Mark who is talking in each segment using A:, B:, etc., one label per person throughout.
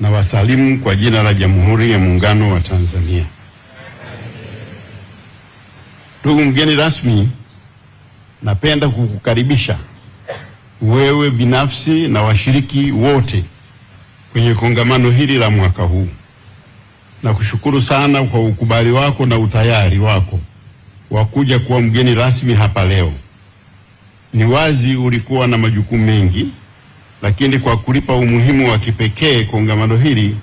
A: na wasalimu kwa jina la Jamhuri ya Muungano wa Tanzania. Ndugu mgeni rasmi, napenda kukukaribisha wewe binafsi na washiriki wote kwenye kongamano hili la mwaka huu na kushukuru sana kwa ukubali wako na utayari wako wa kuja kuwa mgeni rasmi hapa leo. Ni wazi ulikuwa na majukumu mengi lakini kwa kulipa umuhimu wa kipekee kongamano hili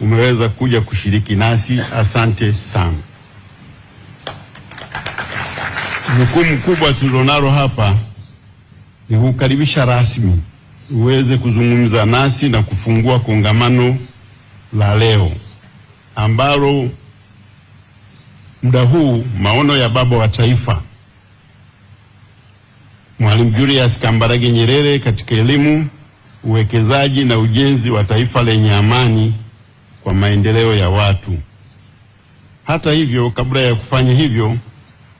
A: umeweza kuja kushiriki nasi, asante sana. Jukumu kubwa tulilonalo hapa ni kukaribisha rasmi uweze kuzungumza nasi na kufungua kongamano la leo ambalo muda huu maono ya baba wa taifa Mwalimu Julius Kambarage Nyerere katika elimu uwekezaji na ujenzi wa taifa lenye amani kwa maendeleo ya watu. Hata hivyo, kabla ya kufanya hivyo,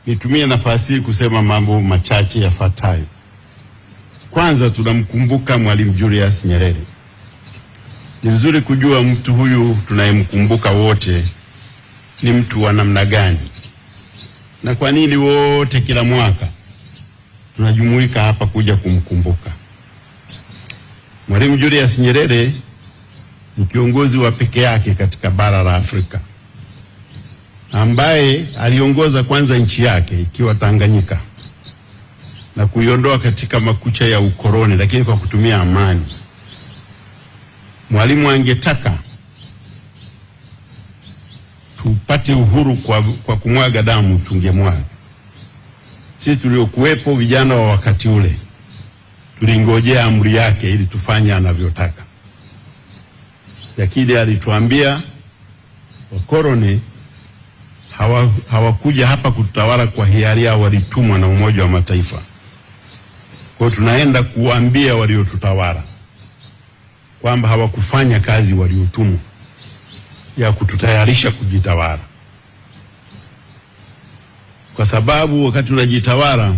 A: nitumie nafasi hii kusema mambo machache yafuatayo. Kwanza, tunamkumbuka Mwalimu Julius Nyerere. Ni vizuri kujua mtu huyu tunayemkumbuka wote ni mtu wa namna gani na kwa nini wote kila mwaka tunajumuika hapa kuja kumkumbuka. Mwalimu Julius Nyerere ni kiongozi wa peke yake katika bara la Afrika ambaye aliongoza kwanza nchi yake ikiwa Tanganyika na kuiondoa katika makucha ya ukoloni, lakini kwa kutumia amani. Mwalimu angetaka tupate uhuru kwa, kwa kumwaga damu, tungemwaga sisi tuliokuwepo, vijana wa wakati ule tulingojea amri yake ili tufanye anavyotaka. Yakini alituambia wakoloni hawakuja hawa hapa kutawala kwa hiari yao, walitumwa na Umoja wa Mataifa. Kwa hiyo tunaenda kuwaambia waliotutawala kwamba hawakufanya kazi waliotumwa ya kututayarisha kujitawala, kwa sababu wakati unajitawala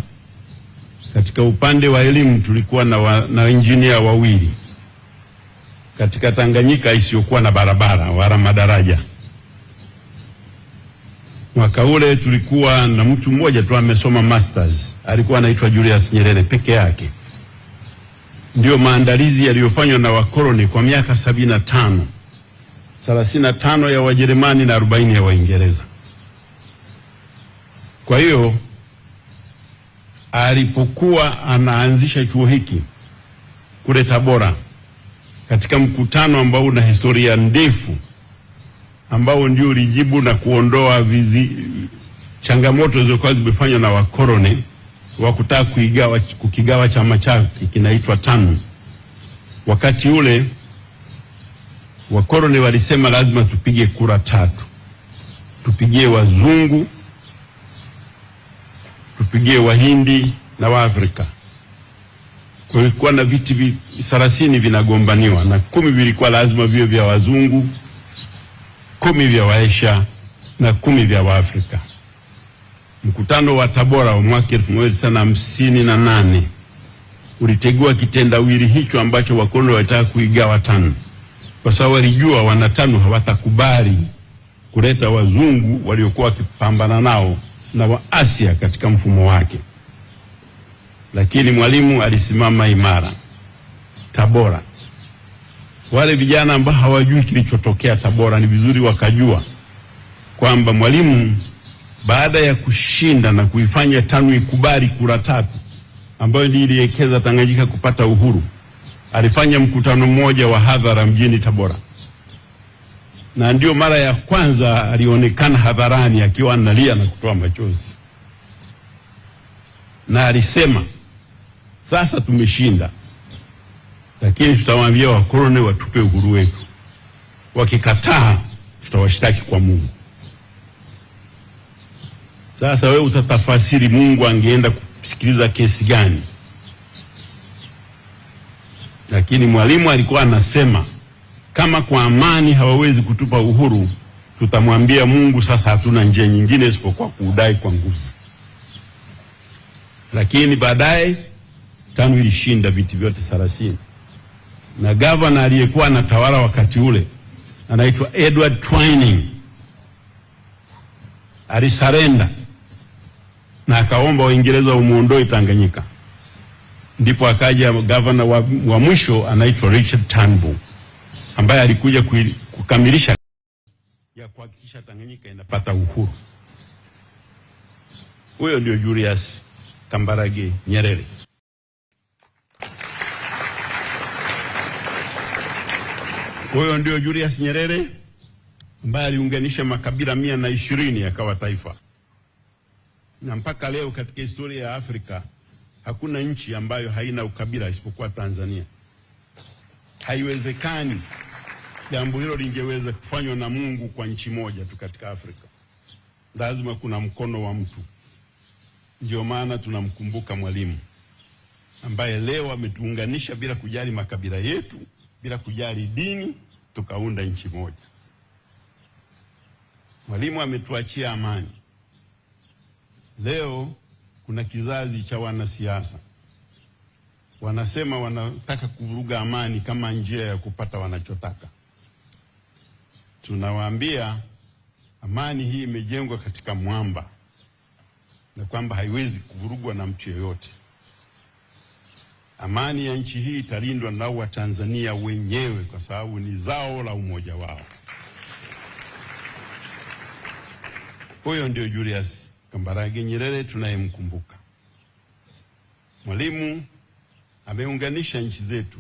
A: katika upande wa elimu tulikuwa na, wa, na injinia wawili katika Tanganyika isiyokuwa na barabara wala madaraja. Mwaka ule tulikuwa na mtu mmoja tu amesoma masters, alikuwa anaitwa Julius Nyerere peke yake. Ndiyo maandalizi yaliyofanywa na wakoloni kwa miaka sabini na tano, thelathini na tano ya Wajerumani na arobaini ya Waingereza. Kwa hiyo alipokuwa anaanzisha chuo hiki kule Tabora, katika mkutano ambao una historia ndefu, ambao ndio ulijibu na kuondoa vizi, changamoto zilizokuwa zimefanywa na wakoloni wa kutaka kuigawa, kukigawa chama chake kinaitwa TANU. Wakati ule wakoloni walisema lazima tupige kura tatu, tupigie wazungu tuwapigie Wahindi na Waafrika. Kulikuwa na viti thelathini vinagombaniwa na kumi vilikuwa lazima viwe vya wazungu, kumi vya Waesha na kumi vya Waafrika. Mkutano wa Tabora wa mwaka elfu moja tisa na hamsini na nane ulitegua kitendawili hicho ambacho wakoloni walitaka kuigawa TANU kwa sababu walijua wana hawatakubali kuleta wazungu waliokuwa wakipambana nao na wa Asia katika mfumo wake, lakini Mwalimu alisimama imara. Tabora, wale vijana ambao hawajui kilichotokea Tabora, ni vizuri wakajua kwamba Mwalimu baada ya kushinda na kuifanya TANU ikubali kura tatu ambayo ndiyo Tanganyika kupata uhuru, alifanya mkutano mmoja wa hadhara mjini Tabora na ndio mara ya kwanza alionekana hadharani akiwa analia na kutoa machozi, na alisema sasa tumeshinda, lakini tutawaambia wakoloni watupe uhuru wetu, wakikataa tutawashtaki kwa Mungu. Sasa wewe utatafasiri Mungu angeenda kusikiliza kesi gani? Lakini Mwalimu alikuwa anasema kama kwa amani hawawezi kutupa uhuru, tutamwambia Mungu sasa hatuna njia nyingine isipokuwa kuudai kwa nguvu. Lakini baadaye TANU ilishinda viti vyote 30 na gavana aliyekuwa anatawala wakati ule anaitwa Edward Twining alisarenda na akaomba Waingereza umuondoe Tanganyika, ndipo akaja gavana wa, wa mwisho anaitwa Richard Turnbull ambaye alikuja kukamilisha ya kuhakikisha Tanganyika inapata uhuru. Huyo ndio Julius Kambarage Nyerere. Huyo ndio Julius Nyerere ambaye aliunganisha makabila mia na ishirini yakawa taifa, na mpaka leo katika historia ya Afrika hakuna nchi ambayo haina ukabila isipokuwa Tanzania. Haiwezekani. Jambo hilo lingeweza kufanywa na Mungu kwa nchi moja tu katika Afrika. Lazima kuna mkono wa mtu. Ndio maana tunamkumbuka Mwalimu ambaye leo ametuunganisha bila kujali makabila yetu, bila kujali dini, tukaunda nchi moja. Mwalimu ametuachia amani. Leo kuna kizazi cha wanasiasa wanasema wanataka kuvuruga amani kama njia ya kupata wanachotaka. Tunawaambia amani hii imejengwa katika mwamba na kwamba haiwezi kuvurugwa na mtu yeyote. Amani ya nchi hii italindwa na Watanzania wenyewe kwa sababu ni zao la umoja wao. Huyo ndio Julius Kambarage Nyerere tunayemkumbuka. Mwalimu ameunganisha nchi zetu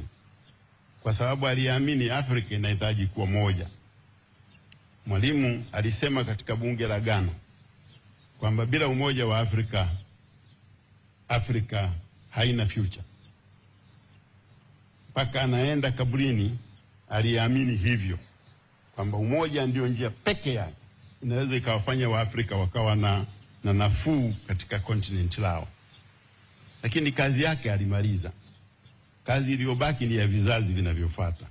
A: kwa sababu aliamini Afrika inahitaji kuwa moja. Mwalimu alisema katika bunge la Ghana kwamba bila umoja wa Afrika, Afrika haina future. Mpaka anaenda kaburini aliamini hivyo kwamba umoja ndio njia peke yake inaweza ikawafanya Waafrika wakawa na, na nafuu katika kontinenti lao, lakini kazi yake alimaliza. Kazi iliyobaki ni ya vizazi vinavyofuata.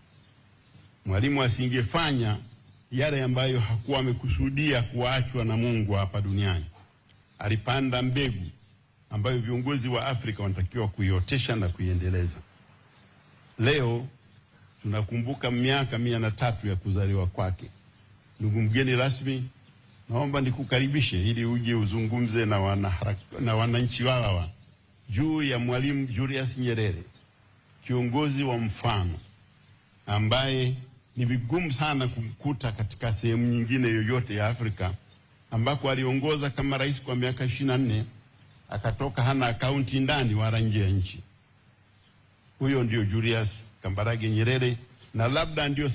A: Mwalimu asingefanya yale ambayo hakuwa amekusudia kuachwa na Mungu hapa duniani. Alipanda mbegu ambayo viongozi wa Afrika wanatakiwa kuiotesha na kuiendeleza. Leo tunakumbuka miaka mia na tatu ya kuzaliwa kwake. Ndugu mgeni rasmi, naomba nikukaribishe ili uje uzungumze na wananchi na wananchi wawa juu ya Mwalimu Julius Nyerere kiongozi wa mfano ambaye ni vigumu sana kumkuta katika sehemu nyingine yoyote ya Afrika ambako aliongoza kama rais kwa miaka ishirini na nne akatoka hana akaunti ndani wala nje ya nchi. Huyo ndio Julius Kambarage Nyerere na labda ndio